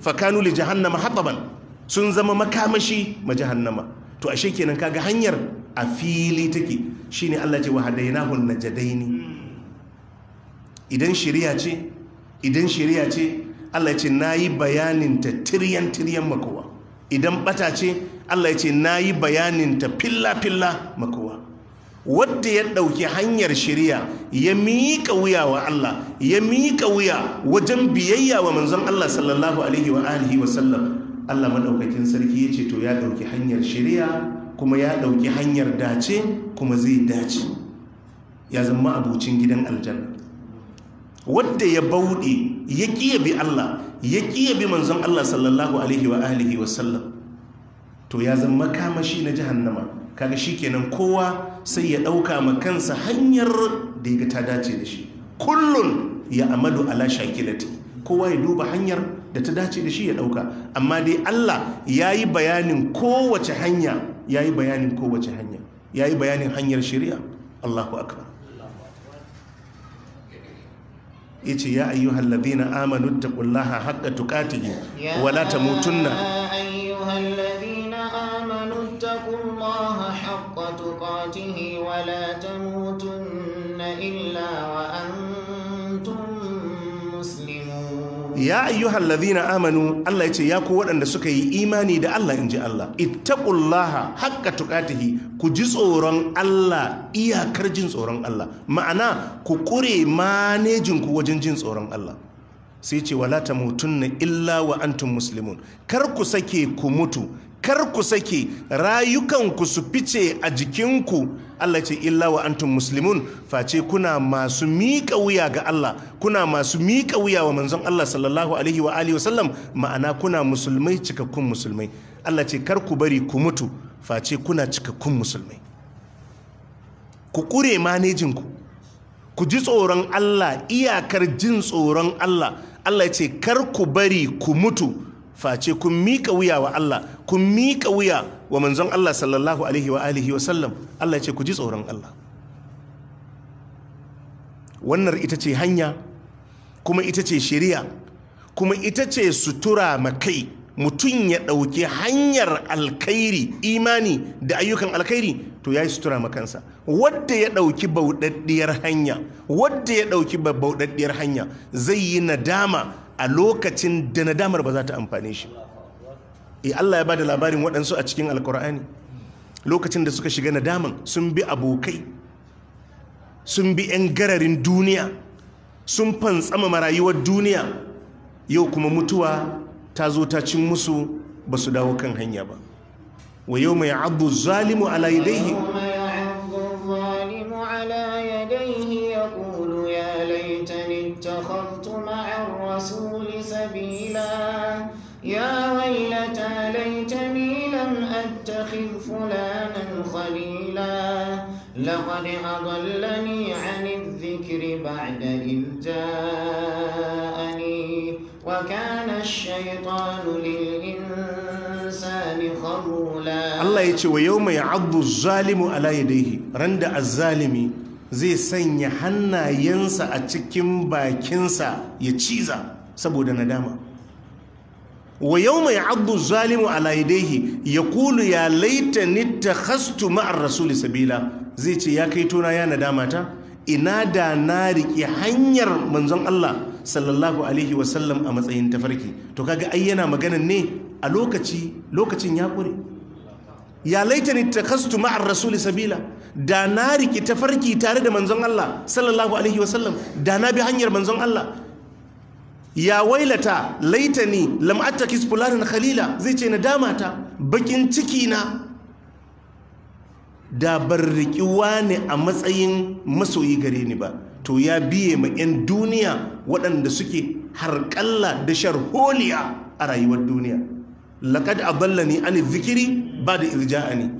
fakanu li jahannama hataban sun zama makamashi ma jahannama to ashe kenan kaga hanyar a fili take shine Allah ce wa jadai najadaini idan shirya ce idan shirya ce Allah ya ce nayi bayanin ta tiryan tiryan makowa idan bata ce Allah ya ce nayi bayanin ta filla filla makowa wadda ya ɗauki hanyar shirya ya miƙa wuya wa Allah ya miƙa wuya wajen biyayya wa manzon Allah sallallahu alaihi wa alihi wa sallam Allah maɗaukakin sarki ya ce to ya ɗauki hanyar shirya kuma ya ɗauki hanyar dace kuma zai dace ya zama abucin gidan aljanna wadda ya bauɗe ya ƙiya bi Allah ya ƙiya bi manzon Allah sallallahu alaihi wa alihi wa sallam to ya zama kamashi na jahannama kaga shikenan kowa sai ya ɗauka ma kansa hanyar da ya ta dace da shi kullum ya amadu ala shakilati kowa ya duba hanyar da ta dace da shi ya ɗauka amma dai Allah ya yi bayanin kowace hanya ya yi bayanin kowace hanya ya yi bayanin hanyar shirya Allahu akbar yace ya ayyuhal ladhina amanu taqullaha haqqa tuqatihi wa mutunna tamutunna ayyuhal Ta guma haƙƙa tuƙaci wala ta mutu na illa wa'antun musulmin. Ya Amanu, Allah ce ya ko waɗanda suka yi imani da Allah inji Allah. Itaƙullaha, haƙƙa tuƙatihi ku ji tsoron Allah iyakar jin tsoron Allah. Ma'ana ku kure manejinku wajen jin tsoron Allah. Sai ce wala ta na illa wa'antun musulmun. Kar ku sake ku mutu. kar ku sake rayukanku su fice a jikinku Allah ce illa wa antum muslimun face kuna masu miƙa wuya ga Allah kuna masu miƙa wuya wa manzon Allah sallallahu alaihi wa alihi wasallam ma'ana kuna musulmai cikakkun musulmai Allah ce kar ku bari ku mutu face kuna cikakkun musulmai ku kure manejinku ku ji tsoron Allah iyakar jin tsoron Allah Allah ce kar ku bari ku mutu face kun miƙa wuya wa Allah ku miƙa wuya wa manzon Allah sallallahu alaihi wa alihi wa sallam Allah ce ku ji tsoron Allah wannan ita ce hanya kuma ita ce shari'a kuma ita ce sutura makai mutum ya ɗauki hanyar alkhairi imani da ayyukan alkhairi to ya yi sutura makansa wadda ya ɗauki bauɗaɗɗiyar hanya wadda ya ɗauki bauɗaɗɗiyar hanya zai yi nadama a lokacin da nadamar ba za ta amfane shi ba e Allah ya da labarin waɗansu a cikin alkur'ani lokacin da suka shiga nadaman sun bi abokai sun bi 'yan gararin duniya sun fantsama marayuwar duniya yau kuma mutuwa ta zo ta cin musu ba su dawo kan hanya ba wa yau mai abu zalimu ala yadaihi ya أتخذ فلانا خليلا لقد أضلني عن الذكر بعد إذ جاءني وكان الشيطان للإنسان خرولا الله يتوى ويوم يعض الظالم على يديه رند الظالمي زي sanya hannayensa ينسى cikin bakinsa يتشيزا ciza saboda nadama wa yau mai abu zalimu ala ya kulu ya laita ni ta hastu ma'ar rasuli sabila zai ce ya kai tona ya nadama ta ina da na riƙe hanyar manzon Allah sallallahu alaihi wasallam a matsayin tafarki to kaga ai yana maganan ne a lokaci lokacin ya kure ya laita ni ta hastu ma'ar rasuli sabila da na riƙe tafarki tare da manzon Allah sallallahu alaihi wasallam da na bi hanyar manzon Allah ya wailata laitani lam'atta attakis fulanin khalila zai ce na damata bakin ciki na da barriƙiwa ne a matsayin masoyi gare ni ba to ya biye ma 'yan duniya waɗanda suke harƙalla da sharholiya a rayuwar duniya laƙad ni ani zikiri ba da ni.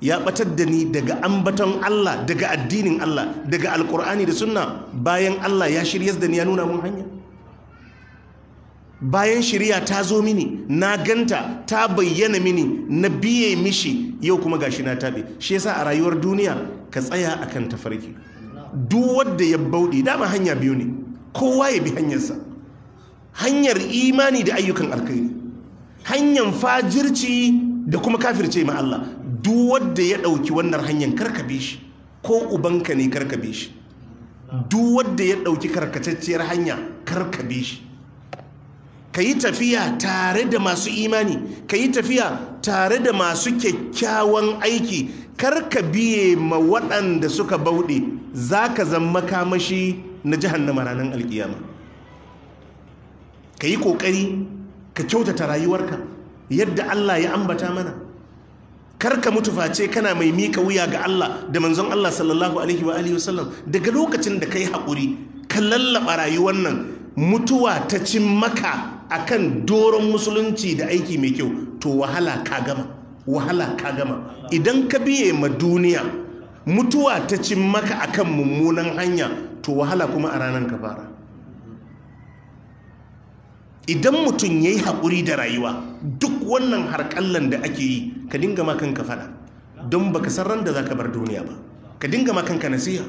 ya ɓatar da ni daga ambaton Allah daga addinin Allah daga alƙur'ani da sunna bayan Allah ya shirya da ni ya nuna mun hanya bayan shirya ta zo mini na ganta ta bayyana mini na biye mishi yau kuma gashi na tabe shi yasa a rayuwar duniya ka tsaya akan tafarki duk wanda ya bauɗe dama hanya biyu ne kowa ya bi hanyarsa hanyar imani da ayyukan alkhairi hanyar fajirci da kuma kafirce ma Allah duk wanda ya ɗauki wannan hanyar karkabe shi ko ubanka ne karkabe shi duk wanda ya ɗauki karkatacciyar hanya karkabe shi ka yi tafiya tare da masu imani ka yi tafiya tare da masu kyakkyawan aiki kar ka biye ma waɗanda suka bauɗe za ka zama makamashi na jihannama ranar alkiyama ka yi ƙoƙari ka kyautata rayuwarka yadda Allah ya ambata mana kar ka mutu face kana mai mika wuya ga Allah da manzon Allah sallallahu alaihi wa alihi wasallam daga lokacin da ka yi haƙuri ka lallaɓa rayuwar nan mutuwa ta cin maka a kan doron musulunci da aiki mai kyau to wahala ka gama wahala ka gama idan ka biye ma duniya mutuwa ta cin maka akan mummunan hanya to wahala kuma a ranar ka fara idan mutum ya yi haƙuri da rayuwa duk wannan harƙallan da ake yi ka dinga ma kanka faɗa don baka san ran da za ka bar duniya ba ka dinga ma kanka nasiha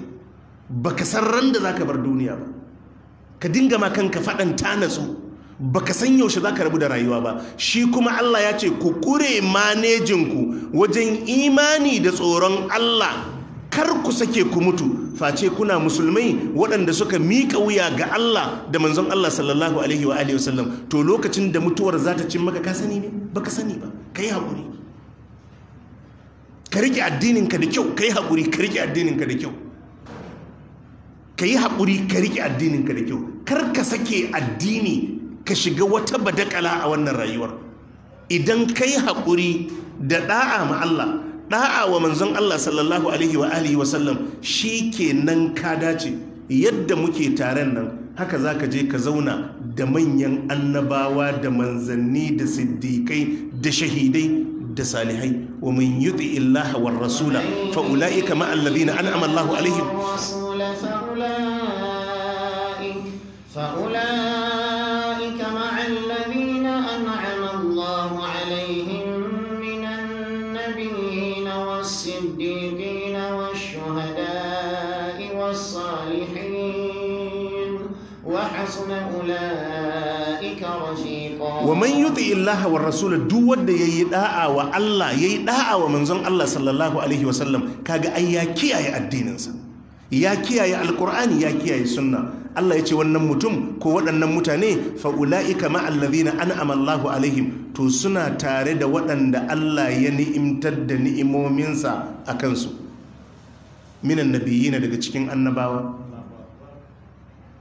baka san ran da za ka bar duniya ba ka dinga ma kanka faɗan ta natsu baka san yaushe zaka rabu da rayuwa ba shi kuma Allah ya ce ku kure manejinku wajen imani da tsoron Allah kar ku sake ku mutu face kuna musulmai waɗanda suka miƙa wuya ga Allah da manzon Allah sallallahu alaihi wa alihi wasallam to lokacin da mutuwar za ta cin maka ka sani ne baka sani ba kai haƙuri ka rike addininka da kyau kai haƙuri ka rike addininka da kyau ka yi haƙuri ka rike addininka da kyau kar ka sake addini ka shiga wata badakala a wannan rayuwar idan kai haƙuri da ɗa'a ma Allah ɗa'a wa manzon Allah sallallahu alaihi wa alihi wa sallam shikenan ka dace yadda muke taren nan haka zaka je ka zauna da manyan annabawa da manzanni da siddiƙai da shahidai da salihai wa man yuti illaha war rasula fa ulaika ma alladhina an'ama Allahu alaihim fa wa man yuti illaha wa rasula duk wanda yayi da'a wa Allah yayi da'a wa manzon Allah sallallahu alaihi wa sallam kaga ai ya kiyaye addininsa ya kiyaye alqur'ani ya kiyaye sunna Allah ya ce wannan mutum ko waɗannan mutane fa ulaika ma alladhina an'ama Allahu alaihim to suna tare da waɗanda Allah ya ni'imtar da ni'imominsa akan su minan nabiyina daga cikin annabawa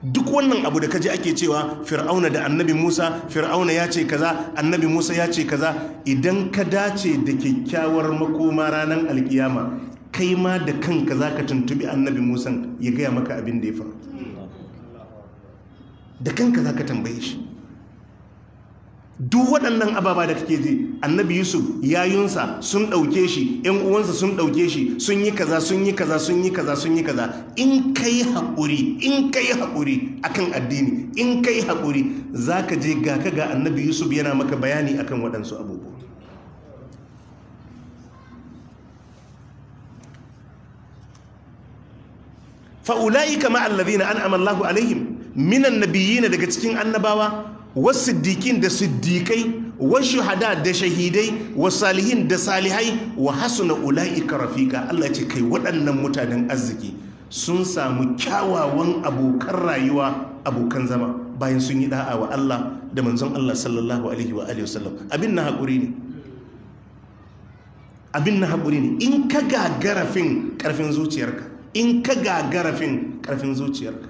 duk wannan abu da kaji ake cewa fir'auna da annabi musa fir'auna ya ce kaza annabi musa ya ce kaza idan ka dace da kyakkyawar makoma ranar alkiyama kai ma da kanka za ka tuntubi annabi Musa ya gaya maka abin da ya faru da kanka za ka tambaye shi duk waɗannan ababa da kake ji annabi yusuf yayunsa sun ɗauke shi yan uwansa sun ɗauke shi sun yi kaza sun yi kaza sun yi kaza sun yi kaza in ka yi haƙuri in ka yi haƙuri akan addini in ka yi haƙuri za ka je ga ka ga annabi yusuf yana maka bayani akan waɗansu abubuwa fa'ula'ika ma'allazina an'ama Allahu alaihim minan nabiyina daga cikin annabawa wasu dikin da su dikai, wasu hada da shahidai wa salihin da salihai wa hasuna ula'ika rafiƙa Allah ce kai waɗannan mutanen arziki sun samu kyawawan abokan rayuwa abokan zama bayan sun yi da'a wa Allah da manzon Allah sallallahu alaihi wa alihi wasallam abin na haƙuri ne abin na haƙuri ne in ka ga garafin ƙarfin zuciyarka in ka ga garafin ƙarfin zuciyarka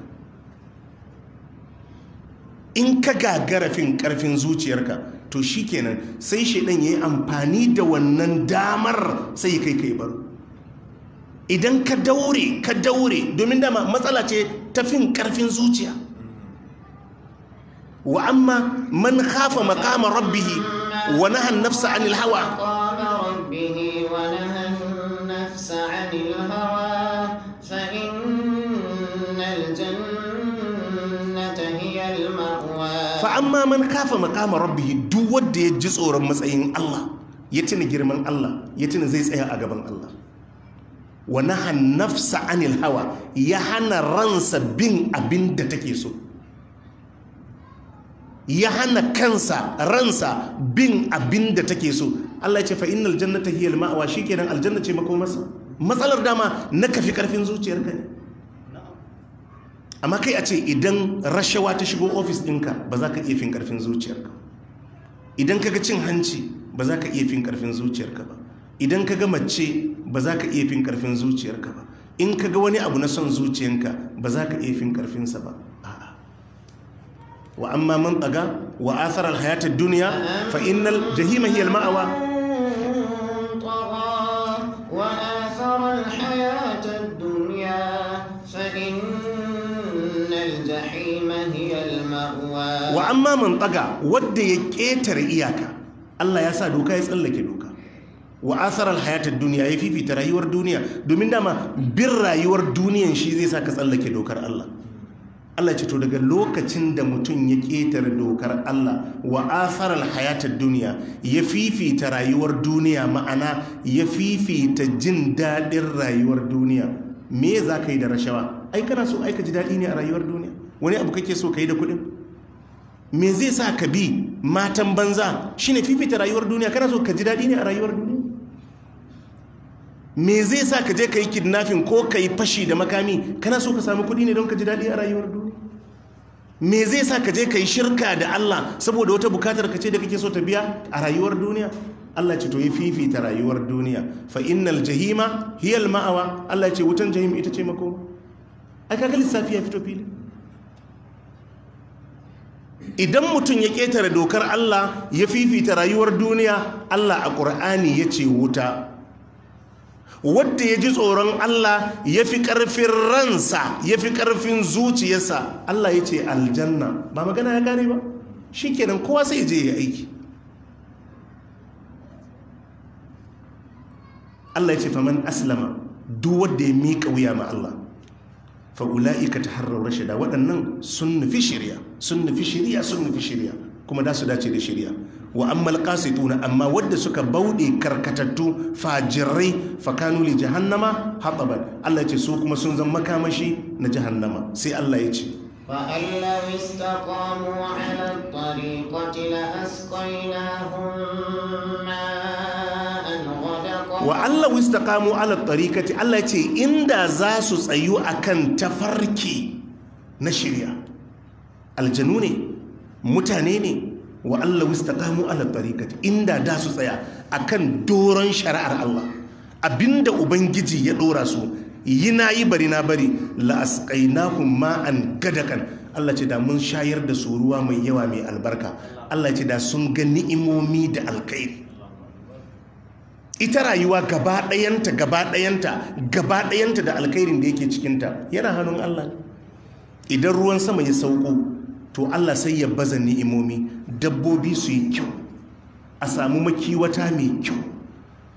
in ka gagara fin karfin zuciyarka to shi kenan sai shaidan ya yi amfani da wannan damar sai kai kai baro idan ka daure ka daure domin dama matsala ce ta fin karfin zuciya wa amma man khafa maqama rabbih wa nahana nafsa anil hawa amma man kafa makama rabbi duk wanda ya ji tsoron matsayin Allah ya tuna girman Allah ya tuna zai tsaya a gaban Allah wa naha nafsa anil hawa ya hana ransa bin abin da take so ya hana kansa ransa bin abin da take so Allah ya ce fa innal jannata hiyal ma'wa shikenan aljanna ce makomarsa matsalar dama na kafi karfin zuciyarka ne amma kai a ce idan rashawa ta shigo ofis ɗinka ba za ka iya fin ƙarfin zuciyarka idan ka ga cin hanci ba za ka iya fin ƙarfin zuciyarka ba idan ka ga mace ba za ka iya fin ƙarfin zuciyarka ba in ka ga wani abu na son zuciyarka ba za ka iya fin ƙarfinsa ba wa amma man tsaga wa asarar hayatar duniya fa innal jahima ma'awa wa amma man tsaga wadda ya ƙetare iyaka Allah ya sa doka ya tsallake doka wa asarar hayatar duniya ya fifita rayuwar duniya domin dama bin rayuwar duniyan shi zai sa ka tsallake dokar Allah Allah ce to daga lokacin da mutum ya ƙetare dokar Allah wa asarar hayatar duniya ya fifita rayuwar duniya ma'ana ya fifita jin daɗin rayuwar duniya me za ka yi da rashawa ai kana so ai ka ji daɗi ne a rayuwar duniya wani abu kake so ka yi da kuɗin me zai sa ka bi matan banza shi ne fifita rayuwar duniya kana so ka ji daɗi ne a rayuwar duniya me zai sa ka je ka yi kidnafin ko ka yi fashi da makami kana so ka samu kuɗi ne don ka ji daɗi a rayuwar duniya me zai sa ka je ka yi shirka da Allah saboda wata bukatar ka ce da kake so ta biya a rayuwar duniya Allah ce to yi fifita rayuwar duniya fa innal jahima hiyal ma'awa Allah ce wutan jahim ita ce makoma ai kaga lissafi ya fito fili idan mutum ya ƙetare dokar Allah ya fifita rayuwar duniya Allah a ƙur'ani ya ce wuta wadda ya ji tsoron Allah ya fi ƙarfin ransa ya fi ƙarfin zuciyarsa Allah ya ce aljanna ba magana ya gane ba shi kenan kowa sai je ya aiki Allah ya ce faman aslama duk wadda ya miƙa wuya ma Allah fa ula'ika taharraw rashida waɗannan sun nufi shirya sun nufi shirya sun nufi shirya kuma da su dace da shirya wa ammal qasituna amma wadda suka bauɗe karkatattu fajirai fakanuli li jahannama hataban Allah ce su kuma sun zama makamashi na jahannama sai Allah ya ce فأن wa Allah kamo ala tarikati Allah ce inda za su tsayu akan tafarki na shirya aljanu ne mutane ne wa Allah kamo ala tarikati inda da su tsaya akan doron shari'ar Allah abinda ubangiji ya dora su yi na yi bari na bari la an ma'an gadakan Allah ce da mun shayar da su ruwa mai yawa mai albarka Allah ce da sun ga ni'imomi da alkhairi ita rayuwa gaba ɗayanta gaba ɗayanta gaba ɗayanta da alkhairin da yake cikinta yana hannun Allah idan ruwan sama ya sauko to Allah sai ya baza ni'imomi dabbobi su yi kyau a samu makiwata mai kyau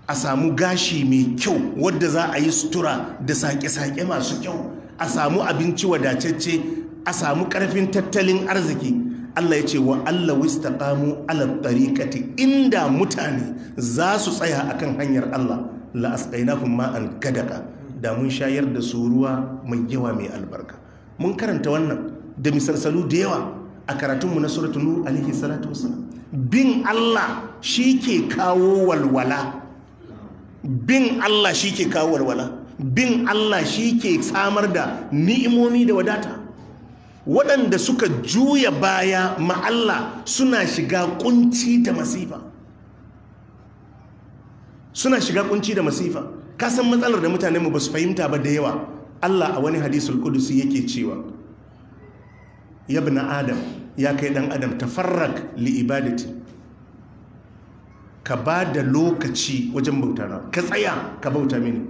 a samu gashi mai kyau wadda za a yi sutura da sake-sake masu kyau a samu abinci wadatacce a samu karfin tattalin arziki Allah ya ce wa Allah wistaqamu ala tariqati inda mutane za su tsaya akan hanyar Allah la kuma an gadaka da mun shayar da su ruwa mai yawa mai albarka mun karanta wannan da misalsalu da yawa a karatunmu na suratul nur alaihi salatu wasu bin Allah shi ke kawo walwala bin Allah shi ke kawo walwala bin Allah shi ke samar da ni'imomi da wadata waɗanda suka juya baya ma'alla suna shiga kunci da masifa suna shiga kunci da masifa ka matsalar da mutanenmu ba su fahimta ba da yawa Allah a wani hadisul kudusi yake cewa yabna adam ya kai dan adam tafarrak li ibadati ka ba da lokaci wajen bauta na ka tsaya ka bauta mini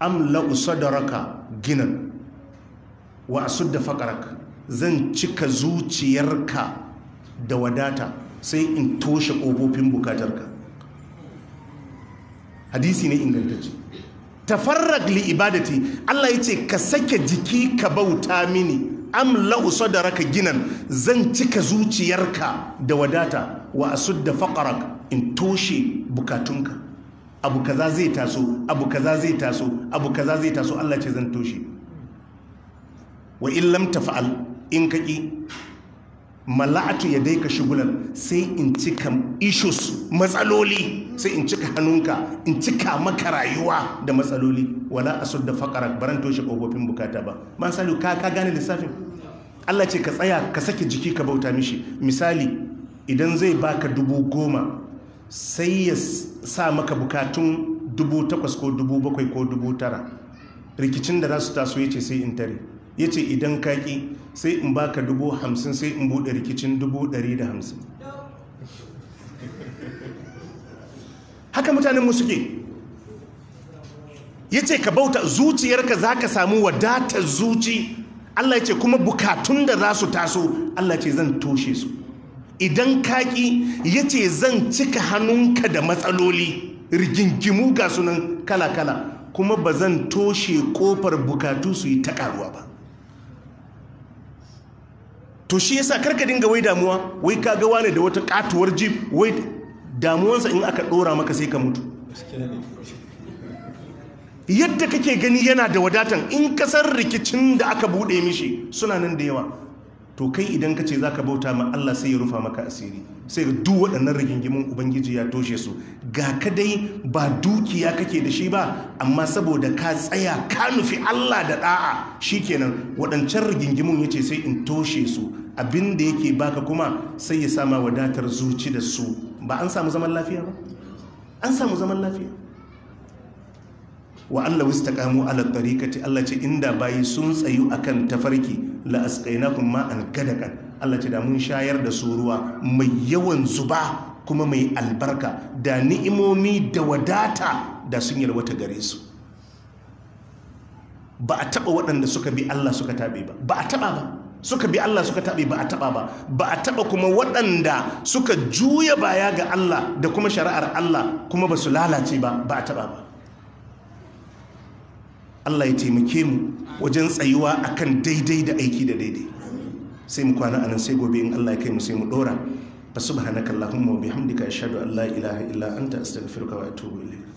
am da raka ginan wa da faqarak zan cika zuciyarka da wadata sai in toshe ƙofofin bukatarka hadisi ne ingantacce tafarrak li ibadati Allah ya ce ka sake jiki ka bauta mini am la'uso da raka ginan zan cika zuciyarka da wadata wa asud da faƙarar in toshe bukatunka abu kaza zai taso abu kaza zai taso abu kaza zai taso Allah ce zan toshe wa illam tafa'al in kaƙi mala'atu ya dai ka shigulan sai in cika issues matsaloli sai in cika hannunka in cika maka rayuwa da matsaloli wala asud da faƙara, baran toshe kofofin bukata ba ma salu ka ka gane lissafin Allah ce ka tsaya ka sake jiki ka bauta mishi misali idan zai baka dubu goma sai ya sa maka bukatun dubu takwas ko dubu bakwai ko dubu tara rikicin da za su taso ya ce sai in tare ya ce idan kaki sai in baka dubu hamsin sai in buɗe rikicin dubu ɗari da hamsin haka mutanen mu ke ya ce ka bauta zuciyarka za ka samu wadatar zuci Allah ya ce kuma bukatun da za su taso Allah ce zan toshe su idan kaki ya ce zan cika hannunka da matsaloli rigingimu ga sunan kala-kala kuma ba zan toshe kofar bukatu su yi ta karuwa ba to shi yasa karka dinga wai damuwa wai ka ga wani da wata katuwar jib wai damuwansa in aka dora maka sai ka mutu yadda kake gani yana da wadatan in kasar rikicin da aka bude mishi suna nan da yawa to kai idan ka ce za ka bauta ma Allah sai ya rufa maka asiri sai duk waɗannan rigingimin ubangiji ya toshe su ga kadai ba dukiya kake da shi ba amma saboda ka tsaya ka nufi Allah da ɗa'a shikenan waɗancan rigingimin ya ce sai in toshe su abin da yake baka kuma sai ya sama wadatar zuci da su ba an samu zaman lafiya ba an samu zaman lafiya wa Allah wista kamu ala tariqati Allah ce inda bayi sun tsayu akan tafarki la an ma'an kan. Allah ce da mun shayar da su ruwa mai yawan zuba kuma mai albarka da ni'imomi da wadata da sun wata gare su ba a taba waɗanda suka bi Allah suka tabe ba ba a taba ba suka bi Allah suka tabe ba a taba ba ba a taba kuma waɗanda suka juya baya ga Allah da kuma shari'ar Allah kuma ba su lalace ba ba a taba ba Allah ya taimake mu wajen tsayuwa akan daidai da aiki da daidai sai mu kwana anan sai gobe in Allah ya kai mu sai mu dora fa subhanakallahumma wa bihamdika ashhadu an la ilaha illa anta astaghfiruka wa atubu ilayk